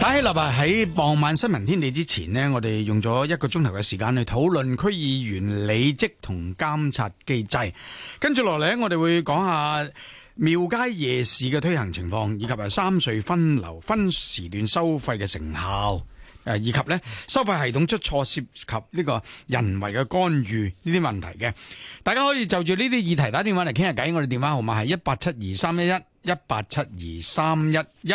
打起立啊，喺傍晚新聞天地之前呢，我哋用咗一個鐘頭嘅時間去討論區議員理職同監察機制。跟住落嚟，我哋會講下廟街夜市嘅推行情況，以及係三隧分流分時段收費嘅成效。誒，以及呢收費系統出錯涉及呢個人為嘅干預呢啲問題嘅。大家可以就住呢啲議題打電話嚟傾下偈。我哋電話號碼係一八七二三一一一八七二三一一。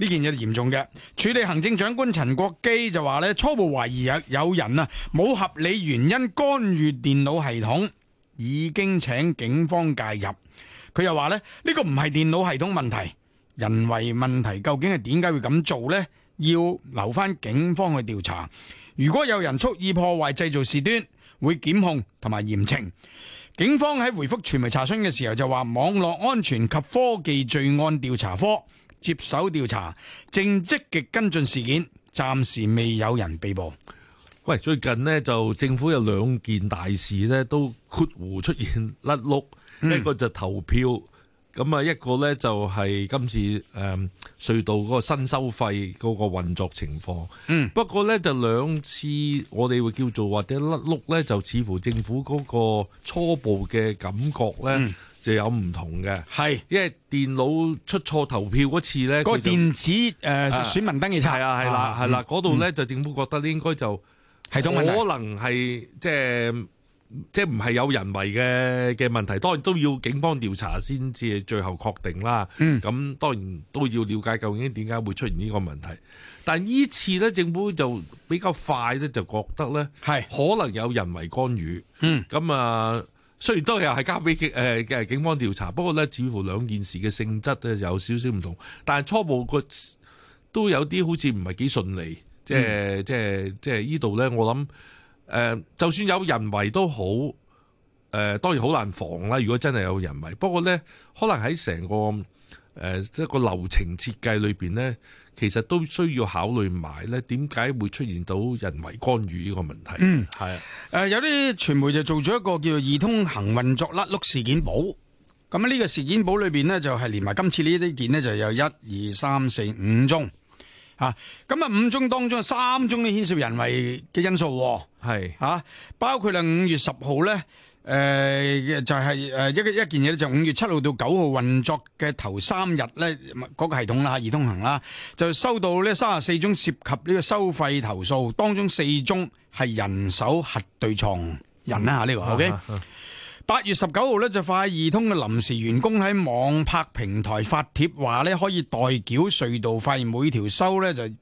呢件嘢嚴重嘅，處理行政長官陳國基就話咧初步懷疑有人有人啊冇合理原因干預電腦系統，已經請警方介入。佢又話咧呢個唔係電腦系統問題，人為問題究竟係點解會咁做呢？要留翻警方去調查。如果有人蓄意破壞製造事端，會檢控同埋嚴懲。警方喺回覆傳媒查詢嘅時候就話，網絡安全及科技罪案調查科接手調查，正積極跟進事件，暫時未有人被捕。喂，最近咧就政府有兩件大事咧都括弧出現甩碌、嗯，一個就投票，咁啊一個咧就係今次誒、呃、隧道嗰個新收費嗰個運作情況。嗯，不過呢，就兩次我哋會叫做或者甩碌呢就似乎政府嗰個初步嘅感覺咧。嗯就有唔同嘅，係，因為電腦出錯投票嗰次咧，個電子誒選民登記冊係啊係啦係啦，嗰度咧，就政府覺得咧，應該就係可能係即係即係唔係有人為嘅嘅問題，當然都要警方調查先至最後確定啦。嗯，咁當然都要了解究竟點解會出現呢個問題，但呢次咧，政府就比較快咧，就覺得咧係可能有人為干預。嗯，咁啊。雖然都又係交俾警誒嘅警方調查，不過咧似乎兩件事嘅性質咧有少少唔同，但係初步個都有啲好似唔係幾順利。嗯、即係即係即係呢度咧，我、呃、諗就算有人為都好，誒、呃、當然好難防啦。如果真係有人為，不過咧可能喺成個誒一、呃、流程設計裏面咧。其實都需要考慮埋咧，點解會出現到人為干預呢個問題？嗯，係誒，有啲傳媒就做咗一個叫做易通行運作甩碌事件簿。咁呢個事件簿裏邊呢，就係連埋今次呢啲件呢，就有一二三四五宗啊。咁啊，五宗當中三宗都牽涉人為嘅因素，係啊是，包括啦五月十號呢。誒、嗯，就係誒，一一件嘢就五、是、月七號到九號運作嘅頭三日呢，嗰個系統啦，易通行啦，就收到呢三十四宗涉及呢個收費投訴，當中四宗係人手核對錯人啦吓，呢、嗯這個 O K。八、okay? 嗯嗯、月十九號呢，就快易通嘅臨時員工喺網拍平台發帖話呢可以代繳隧道費，每條收呢就誒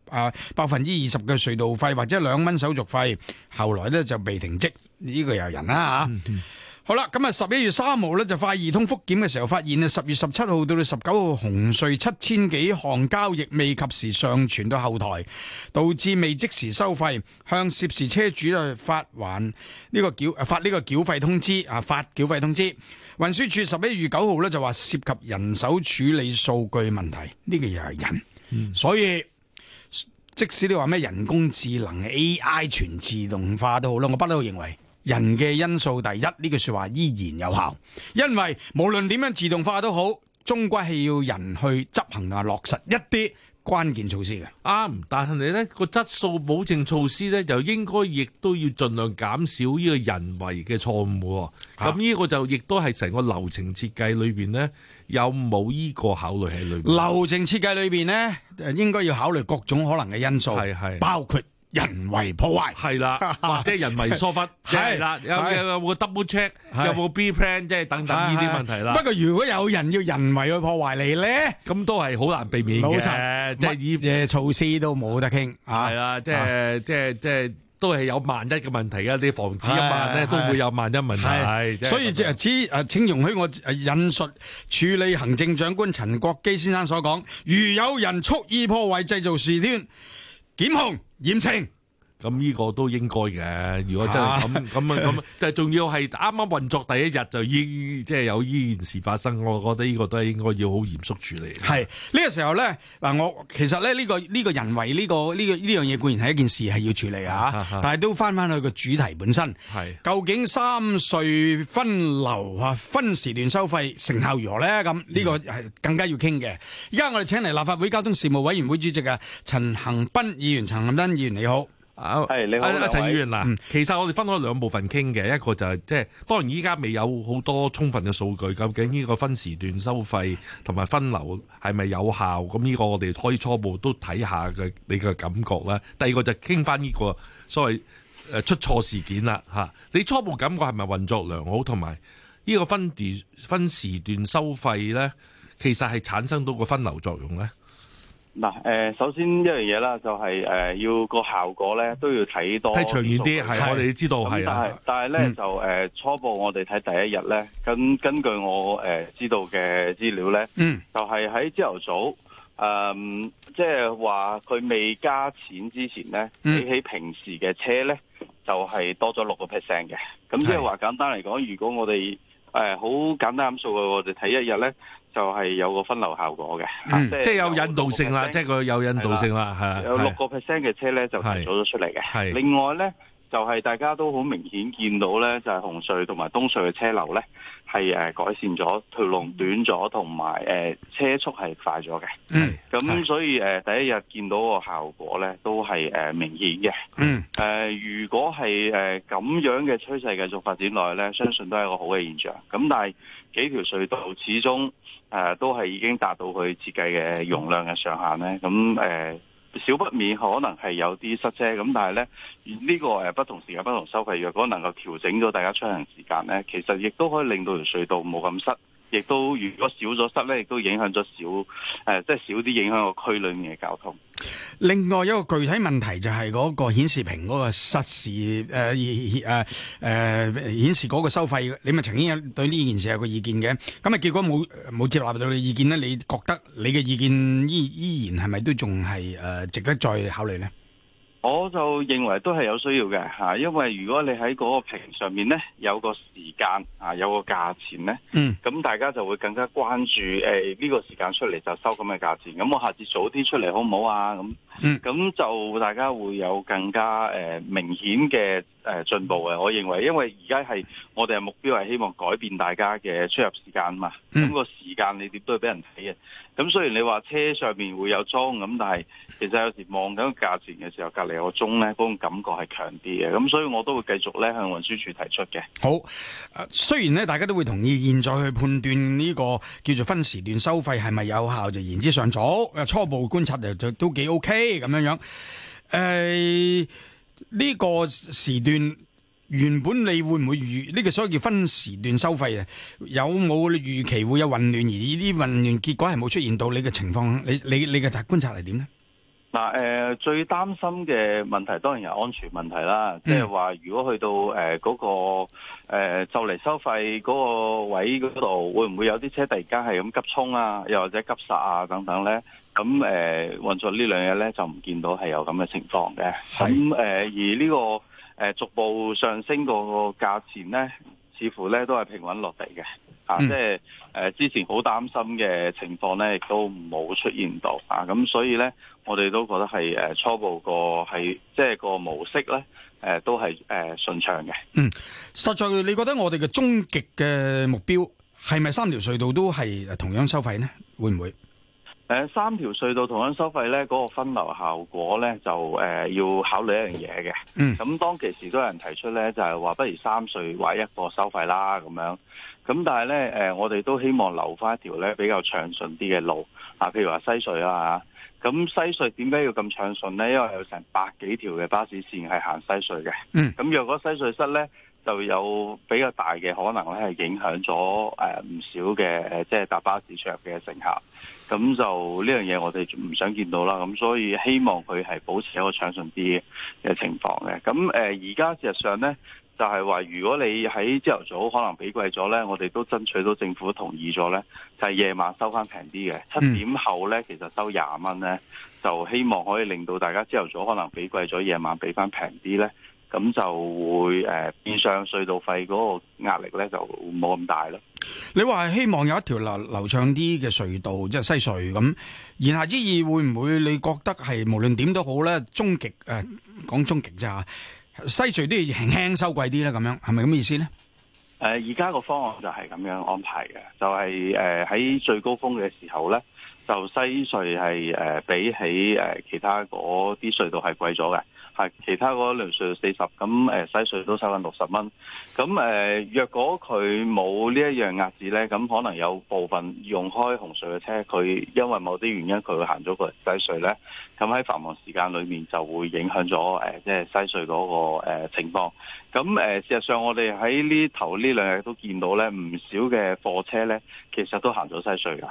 百分之二十嘅隧道費或者兩蚊手續費，後來呢，就被停職。呢個又係人啦、啊、吓，嗯嗯、好啦，咁啊十一月三號咧就快易通覆檢嘅時候，發現啊十月十七號到到十九號紅隧七千幾項交易未及時上傳到後台，導致未即時收費，向涉事車主啊發還呢、這個繳、呃、發呢個繳費通知啊發繳費,、啊、費通知。運輸署十一月九號咧就話涉及人手處理數據問題，呢、這個又係人，嗯、所以即使你話咩人工智能 AI 全自動化都好啦，我不嬲認為。人嘅因素第一呢句說話依然有效，因為無論點樣自動化都好，終歸係要人去執行啊落實一啲關鍵措施嘅。啱，但係你咧個質素保證措施咧，就應該亦都要盡量減少呢個人為嘅錯誤。咁呢個就亦都係成個流程設計裏邊咧有冇呢個考慮喺裏邊？流程設計裏邊咧，誒，應該要考慮各種可能嘅因素，係係，包括。人為破壞係啦，即係人為疏忽係啦。有有有冇 double check，有冇 B plan，即係等等呢啲問題啦。不過如果有人要人為去破壞你咧，咁都係好難避免嘅。老神即係乜嘢措施都冇得傾啊。係啦，即係即係即係都係有萬一嘅問題噶。啲防止啊嘛咧，都會有萬一問題。所以即係只誒，請容許我引述署理行政長官陳國基先生所講：，如有人蓄意破壞，製造事端，檢控。嚴懲。咁呢個都應該嘅，如果真係咁咁啊咁，但係仲要係啱啱運作第一日就已即係有依件事發生，我覺得呢個都係應該要好嚴肅處理。係、這、呢個時候咧，嗱我其實咧、這、呢個呢、這個人為呢、這個呢、這個呢樣嘢，固然係一件事係要處理啊，是是是但係都翻翻去個主題本身，係是是究竟三隧分流啊分時段收費成效如何咧？咁呢個係更加要傾嘅。依家我哋請嚟立法會交通事務委員會主席啊，陳恒鑌議員，陳恒鑌議員你好。啊、係你好，陳議員嗱、啊。嗯、其實我哋分開兩部分傾嘅，一個就係即係當然依家未有好多充分嘅數據，究竟呢個分時段收費同埋分流係咪有效？咁呢個我哋可以初步都睇下嘅你嘅感覺啦。第二個就傾翻呢個所謂誒出錯事件啦嚇。你初步感覺係咪運作良好同埋呢個分分時段收費咧，其實係產生到個分流作用咧？嗱，首先一樣嘢啦，就係、是、要個效果咧，都要睇多睇長遠啲，係是我哋知道係。但係是咧、嗯、就誒初步我哋睇第一日咧，咁、嗯、根據我、呃、知道嘅資料咧，嗯，就係喺朝頭早，誒即係話佢未加錢之前咧，嗯、比起平時嘅車咧，就係、是、多咗六個 percent 嘅。咁即係話簡單嚟講，是如果我哋誒好簡單咁數嘅，我哋睇一日咧。就係有個分流效果嘅，即係、嗯、有引導性啦，即係佢有引導性啦，係有六個 percent 嘅車咧的的就係做咗出嚟嘅，係的另外咧。就係大家都好明顯見到咧，就係、是、紅隧同埋東隧嘅車流咧，係、呃、改善咗，條龍短咗，同埋誒車速係快咗嘅。嗯，咁所以誒、呃、第一日見到個效果咧，都係、呃、明顯嘅。嗯、呃，如果係誒咁樣嘅趨勢繼續發展落去咧，相信都係一個好嘅現象。咁但係幾條隧道始終誒、呃、都係已經達到佢設計嘅容量嘅上限咧。咁誒、呃少不免可能係有啲塞車，咁但係呢、呢個誒不同時間不同收費，若果能夠調整到大家出行時間呢，其實亦都可以令到條隧道冇咁塞。亦都如果少咗塞咧，亦都影響咗少誒、呃，即係少啲影響個區裏面嘅交通。另外一個具體問題就係嗰個顯示屏嗰個實時誒誒誒顯示嗰個收費，你咪曾經有對呢件事有個意見嘅。咁啊，結果冇冇接納到你意見咧？你覺得你嘅意見依依然係咪都仲係誒值得再考慮咧？我就認為都係有需要嘅嚇、啊，因為如果你喺嗰個屏上面呢，有個時間嚇、啊，有個價錢呢，咁、嗯、大家就會更加關注誒呢、欸呢個時間出嚟就收咁嘅價錢，咁我下次早啲出嚟好唔好啊？咁咁、嗯、就大家會有更加誒、欸、明顯嘅。誒，進步嘅我認為，因為而家係我哋嘅目標係希望改變大家嘅出入時間嘛。咁、嗯、個時間你點都會俾人睇嘅。咁雖然你話車上面會有鐘，咁但係其實有時望緊個價錢嘅時候，隔籬有、那個鐘咧，嗰種感覺係強啲嘅。咁所以我都會繼續咧向運輸署提出嘅。好，誒，雖然咧大家都會同意，現在去判斷呢、這個叫做分時段收費係咪有效，就言之尚早，初步觀察就就都幾 OK 咁樣樣。誒、欸。呢個時段原本你會唔會預呢個所謂叫分時段收費啊？有冇預期會有混亂，而呢啲混亂結果係冇出現到你嘅情況？你你你嘅觀察係點咧？嗱，誒、呃、最擔心嘅問題當然係安全問題啦，即係話如果去到誒嗰、呃嗰個就嚟、呃、收費嗰個位嗰度，會唔會有啲車突然間係咁急衝啊，又或者急剎啊等等咧？咁誒、呃、運作兩呢兩日咧就唔見到係有咁嘅情況嘅。咁誒、呃、而呢、呢個誒、呃、逐步上升個價錢咧，似乎咧都係平穩落地嘅。啊，即係誒之前好擔心嘅情況咧，亦都冇出現到啊，咁所以咧，我哋都覺得係誒初步個係即係個模式咧，誒都係誒順暢嘅。嗯，實在你覺得我哋嘅終極嘅目標係咪三條隧道都係同樣收費咧？會唔會？誒三條隧道同樣收費咧，嗰、那個分流效果咧就誒、呃、要考慮一樣嘢嘅。嗯，咁當其時都有人提出咧，就係、是、話不如三隧或一個收費啦咁樣。咁但係咧誒，我哋都希望留翻一條咧比較暢順啲嘅路啊，譬如話西隧啦，咁西隧點解要咁暢順咧？因為有成百幾條嘅巴士線係行西隧嘅。嗯，咁若果西隧塞咧，就有比較大嘅可能咧，係影響咗誒唔少嘅即係搭巴士出入嘅乘客。咁就呢樣嘢，我哋唔想見到啦。咁所以希望佢係保持一個暢順啲嘅情況嘅。咁誒而家事實上呢，就係話如果你喺朝頭早可能畀貴咗呢，我哋都爭取到政府同意咗呢，就係夜晚收翻平啲嘅。嗯、七點後呢，其實收廿蚊呢，就希望可以令到大家朝頭早可能畀貴咗，夜晚畀翻平啲呢。咁就會誒變相隧道費嗰個壓力咧就冇咁大咯。你話希望有一條流流暢啲嘅隧道，即係西隧咁，言下之意會唔會你覺得係無論點都好咧？終極誒講終極咋，西隧都要輕輕收貴啲咧，咁樣係咪咁嘅意思咧？誒，而家個方案就係咁樣安排嘅，就係誒喺最高峰嘅時候咧，就西隧係誒比起其他嗰啲隧道係貴咗嘅。其他嗰兩隧四十，咁西隧都收緊六十蚊。咁、呃、誒，若果佢冇呢一樣壓制咧，咁可能有部分用開紅隧嘅車，佢因為某啲原因佢會行咗過西隧咧，咁喺繁忙時間裏面就會影響咗即係西隧嗰個情況。咁誒、呃，事實上我哋喺呢頭呢兩日都見到咧，唔少嘅貨車咧，其實都行咗西隧噶。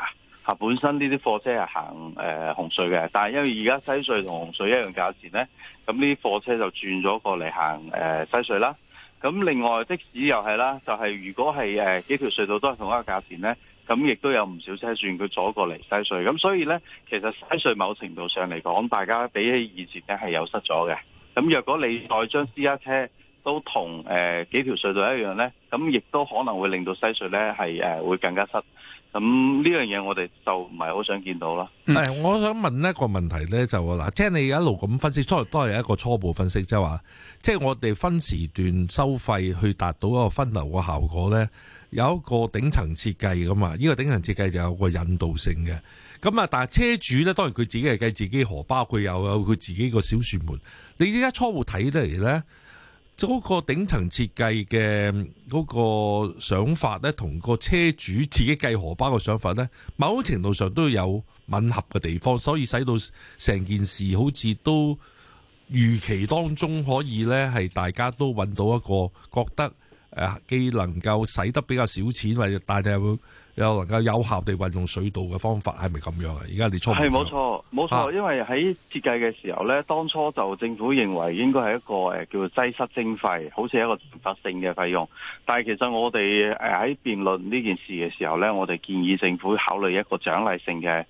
啊，本身呢啲貨車係行誒紅隧嘅，但係因為而家西隧同紅隧一樣價錢咧，咁呢啲貨車就轉咗過嚟行誒、呃、西隧啦。咁另外的士又係啦，就係、是、如果係誒幾條隧道都係同一個價錢咧，咁亦都有唔少車轉佢咗過嚟西隧。咁所以咧，其實西隧某程度上嚟講，大家比起以前咧係有失咗嘅。咁若果你再將私家車都同誒、呃、幾條隧道一樣咧，咁亦都可能會令到西隧咧係誒會更加塞。咁呢、嗯、樣嘢我哋就唔係好想見到啦。誒、嗯哎，我想問一個問題咧，就嗱、即係你一路咁分析，都係一個初步分析，即係話，即係我哋分時段收費去達到一個分流嘅效果咧，有一個頂層設計㗎嘛？呢、這個頂層設計就有個引導性嘅，咁啊，但係車主咧，當然佢自己係計自己荷包，佢又有佢自己個小算盤。你依家初步睇得嚟咧？嗰個頂層設計嘅嗰個想法呢，同個車主自己計荷包嘅想法呢，某程度上都有吻合嘅地方，所以使到成件事好似都預期當中可以呢，係大家都揾到一個覺得誒既能夠使得比較少錢，或者大會有能夠有效地運用隧道嘅方法係咪咁樣啊？而家你出係冇錯，冇錯，因為喺設計嘅時候咧，啊、當初就政府認為應該係一個、呃、叫做擠塞徵費，好似一個罰性嘅費用。但係其實我哋喺辯論呢件事嘅時候咧，我哋建議政府考慮一個獎勵性嘅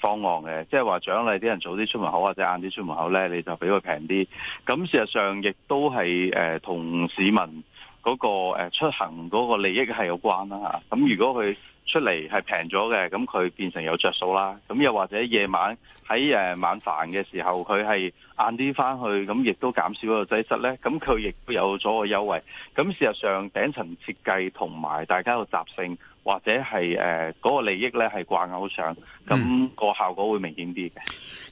方案嘅，即係話獎勵啲人早啲出門口或者晏啲出門口咧，你就俾佢平啲。咁事實上亦都係同、呃、市民。嗰個出行嗰個利益係有關啦嚇。咁如果佢出嚟係平咗嘅，咁佢變成有着數啦。咁又或者夜晚喺誒晚飯嘅時候，佢係晏啲翻去，咁亦都減少嗰個擠塞呢。咁佢亦都有咗個優惠。咁事實上，頂層設計同埋大家個習性或者係誒嗰個利益呢係掛鈎上，咁個效果會明顯啲嘅、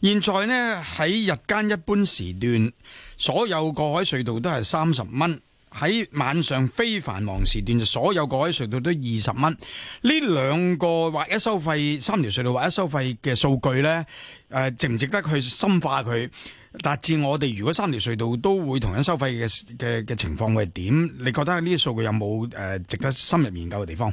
嗯。現在呢，喺日間一般時段，所有過海隧道都係三十蚊。喺晚上非繁忙時段，就所有過海隧道都二十蚊。呢兩個劃一收費三條隧道劃一收費嘅數據咧，誒、呃、值唔值得去深化佢？達至我哋如果三條隧道都會同樣收費嘅嘅嘅情況會係點，你覺得呢啲數據有冇誒值得深入研究嘅地方？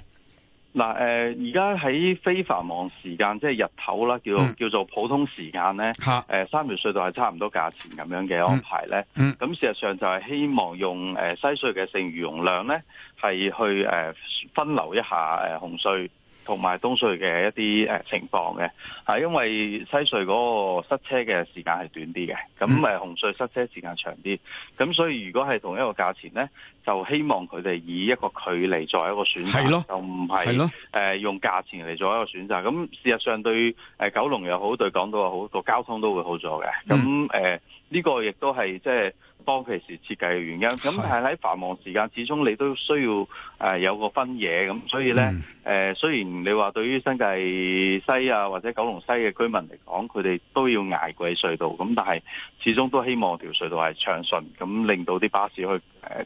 嗱，誒而家喺非繁忙時間，即係日頭啦，叫叫做普通時間咧，誒、嗯、三條隧道係差唔多價錢咁樣嘅安排咧，咁、嗯嗯、事實上就係希望用誒西隧嘅剩餘容量咧，係去誒分流一下誒紅隧。同埋東隧嘅一啲誒、呃、情況嘅、啊，因為西隧嗰個塞車嘅時間係短啲嘅，咁誒紅隧塞車時間長啲，咁所以如果係同一個價錢咧，就希望佢哋以一個距離作為一個選擇咯，就唔係誒用價錢嚟作一個選擇，咁事實上對誒九龍又好，對港島又好，個交通都會好咗嘅。咁誒呢個亦都係即係當其時設計嘅原因。咁的但係喺繁忙時間始終你都需要誒、呃、有個分野咁，所以咧誒、嗯呃、雖然。你話對於新界西啊或者九龍西嘅居民嚟講，佢哋都要捱過喺隧道咁，但係始終都希望條隧道係暢順，咁令到啲巴士去誒，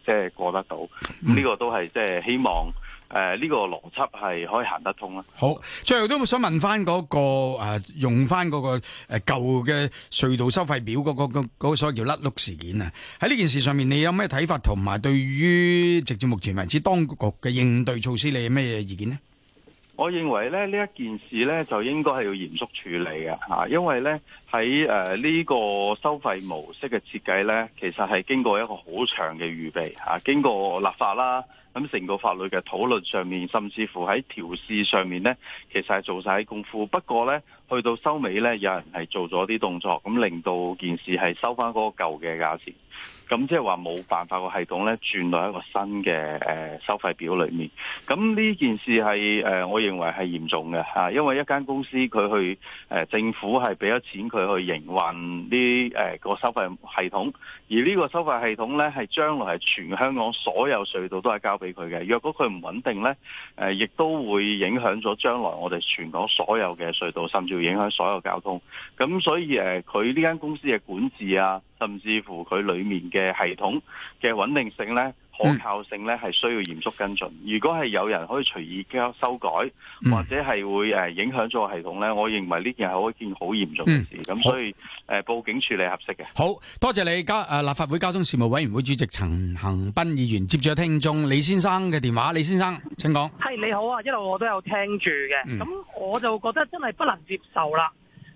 即係過得到。咁呢個都係即係希望誒，呢個邏輯係可以行得通啦。好，最後都想問翻嗰個誒，用翻嗰個誒舊嘅隧道收費表嗰個個嗰個所謂叫甩碌事件啊，喺呢件事上面你有咩睇法？同埋對於直至目前為止當局嘅應對措施，你有咩意見呢？我認為咧，呢呢一件事咧，就應該係要嚴肅處理嘅嚇、啊，因為咧，喺誒呢在、呃，呢個收費模式嘅設計咧，其實係經過一個好長嘅預備嚇、啊，經過立法啦，咁成個法律嘅討論上面，甚至乎喺調試上面咧，其實係做晒啲功夫，不過咧。去到收尾呢，有人係做咗啲動作，咁令到件事係收翻嗰個舊嘅價錢，咁即係話冇辦法個系統呢轉到一個新嘅收費表裏面。咁呢件事係誒，我認為係嚴重嘅、啊、因為一間公司佢去、啊、政府係俾咗錢佢去營運啲誒個收費系統，而呢個收費系統呢係將來係全香港所有隧道都係交俾佢嘅。若果佢唔穩定呢，亦、啊、都會影響咗將來我哋全港所有嘅隧道，甚至，影響所有交通，咁所以誒，佢呢間公司嘅管治啊，甚至乎佢裏面嘅系統嘅穩定性咧。可靠性咧，係需要嚴肅跟進。如果係有人可以隨意修改，或者係會誒影響咗個系統咧，我認為呢件係一件好嚴重嘅事。咁、嗯、所以誒，報警處理合適嘅。好多謝你交誒立法會交通事務委員會主席陳恒鑌議員，接住聽眾李先生嘅電話。李先生請講。係，你好啊，一路我都有聽住嘅。咁、嗯、我就覺得真係不能接受啦。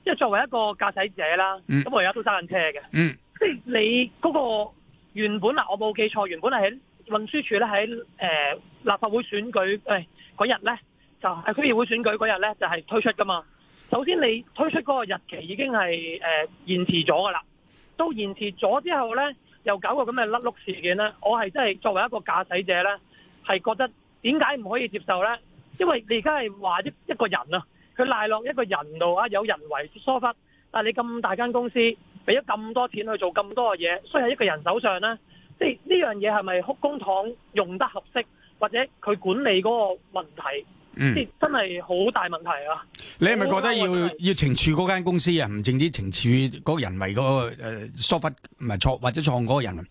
因為作為一個駕駛者啦，咁、嗯、我而家都揸緊車嘅。嗯、即係你嗰個原本嗱，我冇記錯，原本係喺。運輸署咧喺誒立法會選舉誒嗰日咧，就喺區議會選舉嗰日咧就係、是、推出噶嘛。首先你推出嗰個日期已經係誒、呃、延遲咗噶啦，都延遲咗之後咧，又搞個咁嘅甩碌事件咧，我係真係作為一個駕駛者咧，係覺得點解唔可以接受咧？因為你而家係話一一個人啊，佢賴落一個人度啊，有人為疏忽，但係你咁大間公司俾咗咁多錢去做咁多嘅嘢，衰喺一個人手上咧。即係呢樣嘢係咪工廠用得合適，或者佢管理嗰個問題，即真係好大問題啊，嗯！你係咪覺得要要懲處嗰間公司啊？唔淨止懲處嗰個人為、嗰個誒疏忽，唔係錯或者創嗰個人？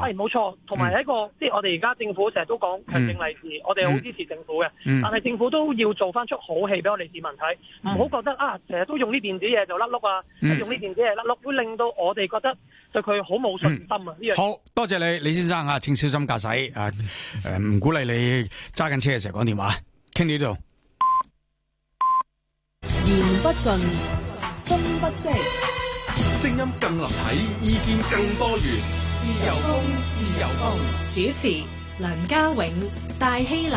係冇錯，同埋、哎、一個，嗯、即係我哋而家政府成日都講強政勵志，嗯、我哋好支持政府嘅。嗯、但係政府都要做翻出好戲俾我哋市民睇，唔好、嗯、覺得啊，成日都用呢電子嘢就甩碌啊，嗯、用呢電子嘢甩碌，會令到我哋覺得對佢好冇信心啊！呢樣、嗯、好多謝你，李先生啊，請小心駕駛啊！誒、呃、唔、呃、鼓勵你揸緊車嘅時候講電話，傾呢度。言不盡，風不息，聲音更立體，意見更多元。自由風，自由風。主持梁家永、戴希立。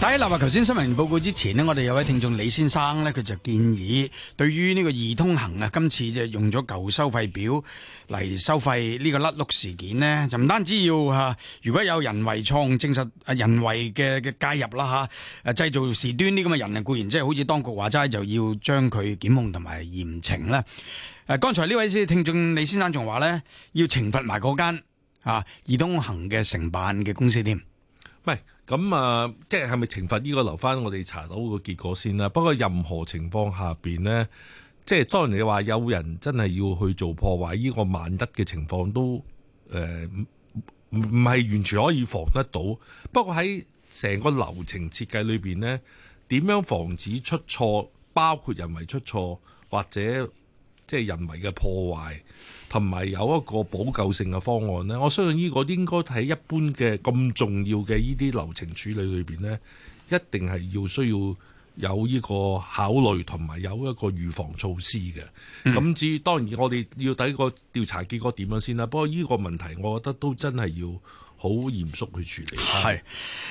希立話，頭先新聞報告之前呢，我哋有位聽眾李先生呢，佢就建議，對於呢個易通行啊，今次就用咗舊收費表嚟收費呢個甩碌事件呢，就唔單止要吓，如果有人為創證實啊，人為嘅嘅介入啦吓，誒製造事端呢，咁嘅人啊，固然即係好似當局話齋，就要將佢檢控同埋嚴懲啦。誒，剛才呢位先聽眾李先生仲話咧，要懲罰埋嗰間啊，易通行嘅承辦嘅公司添。喂咁啊，即係係咪懲罰呢個留翻我哋查到個結果先啦。不過任何情況下邊咧，即係當然你話有人真係要去做破壞呢個萬一嘅情況都誒唔係完全可以防得到。不過喺成個流程設計裏邊咧，點樣防止出錯，包括人為出錯或者。即係人為嘅破壞，同埋有一個補救性嘅方案咧。我相信呢個應該喺一般嘅咁重要嘅呢啲流程處理裏邊呢，一定係要需要有呢個考慮同埋有一個預防措施嘅。咁、嗯、至於當然，我哋要睇個調查結果點樣先啦。不過呢個問題，我覺得都真係要好嚴肅去處理。係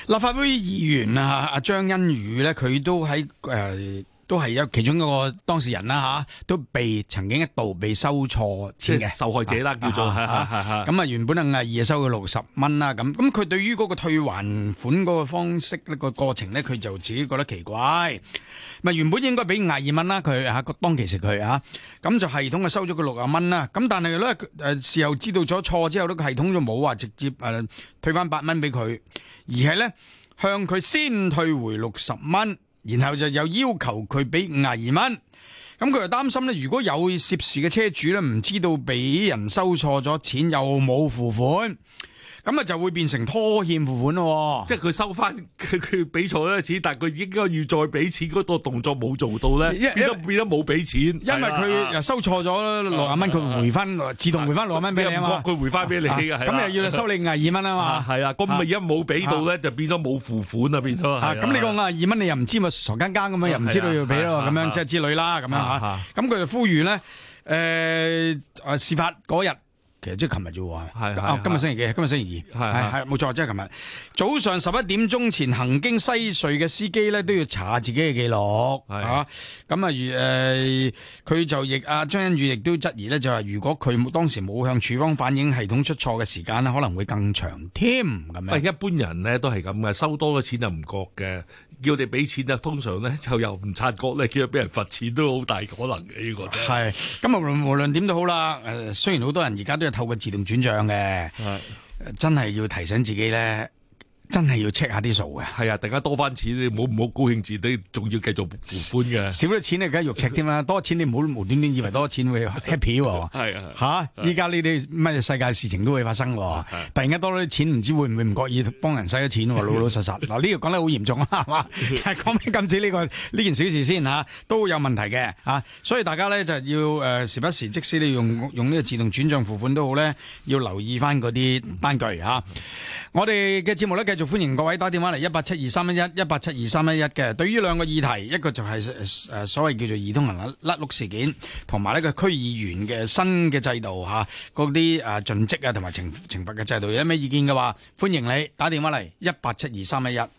立法會議員啊，阿張欣宇呢佢都喺誒。呃都係有其中一個當事人啦嚇，都被曾經一度被收錯錢嘅受害者啦，叫做咁啊，原本啊，魏二收佢六十蚊啦，咁咁佢對於嗰個退還款嗰個方式呢、嗰個過程呢，佢就自己覺得奇怪。咪原本應該俾魏二蚊啦，佢嚇當其時佢咁就系統啊收咗佢六十蚊啦。咁但係咧誒，事後知道咗錯之後，呢個系統就冇話直接誒退翻八蚊俾佢，而係呢，向佢先退回六十蚊。然後就又要求佢俾五十二蚊，咁佢又擔心咧，如果有涉事嘅車主咧，唔知道俾人收錯咗錢又冇付款。咁啊，就會變成拖欠付款咯。即係佢收翻佢佢俾錯咗錢，但係佢應該要再俾錢嗰個動作冇做到咧，變咗冇俾錢。因為佢又收錯咗六十蚊，佢回翻自動回翻六十蚊俾你啊嘛。佢回翻俾你咁又要收你廿二蚊啊嘛。係啊，咁咪而家冇俾到咧，就變咗冇付款啊，變咗。咁你講廿二蚊你又唔知咪傻更更咁樣，又唔知道要俾咯，咁樣即係之類啦，咁樣吓。咁佢就呼籲咧，誒，事發嗰日。其實即係琴日啫，是是是啊，今日星期幾？今日星期二，係係冇錯，即係琴日早上十一點鐘前行經西隧嘅司機咧，都要查自己嘅記錄，咁係係啊，如誒，佢，呃，就亦啊張欣宇亦都質疑咧，就話，如果佢當時冇向處方反映系統出錯嘅時間咧，可能會更長添，咁樣。一般人咧都係咁嘅，收多嘅錢就唔覺嘅。叫我哋俾錢啊！通常咧就又唔察覺咧，叫俾人罰錢都好大可能嘅呢個係，咁日無論點都好啦。誒，雖然好多人而家都係透過自動轉帳嘅，係，真係要提醒自己咧。真係要 check 下啲數嘅，係啊，大家多翻錢，你唔好唔好高興自己，仲要繼續付款嘅。少咗錢你梗係肉赤添啦， 多錢你唔好無端端以為多錢會 happy。係啊，吓，依家呢啲乜嘢世界事情都會發生， 突然間多咗啲錢，唔知會唔會唔覺意幫人使咗錢。老老實實嗱，呢個講得好嚴重啊，係嘛？講起今次呢個呢件小事先吓、啊，都有問題嘅吓、啊，所以大家咧就要誒，時不時即使你用用呢個自動轉賬付款都好咧，要留意翻嗰啲單據吓、啊。我哋嘅節目咧，繼就歡迎各位打電話嚟一八七二三一一一八七二三一一嘅。對於兩個議題，一個就係、是、誒所謂叫做易通行甩甩碌事件，同埋呢個區議員嘅新嘅制度吓，嗰啲誒盡職啊同埋懲懲罰嘅制度，有咩意見嘅話，歡迎你打電話嚟一八七二三一一。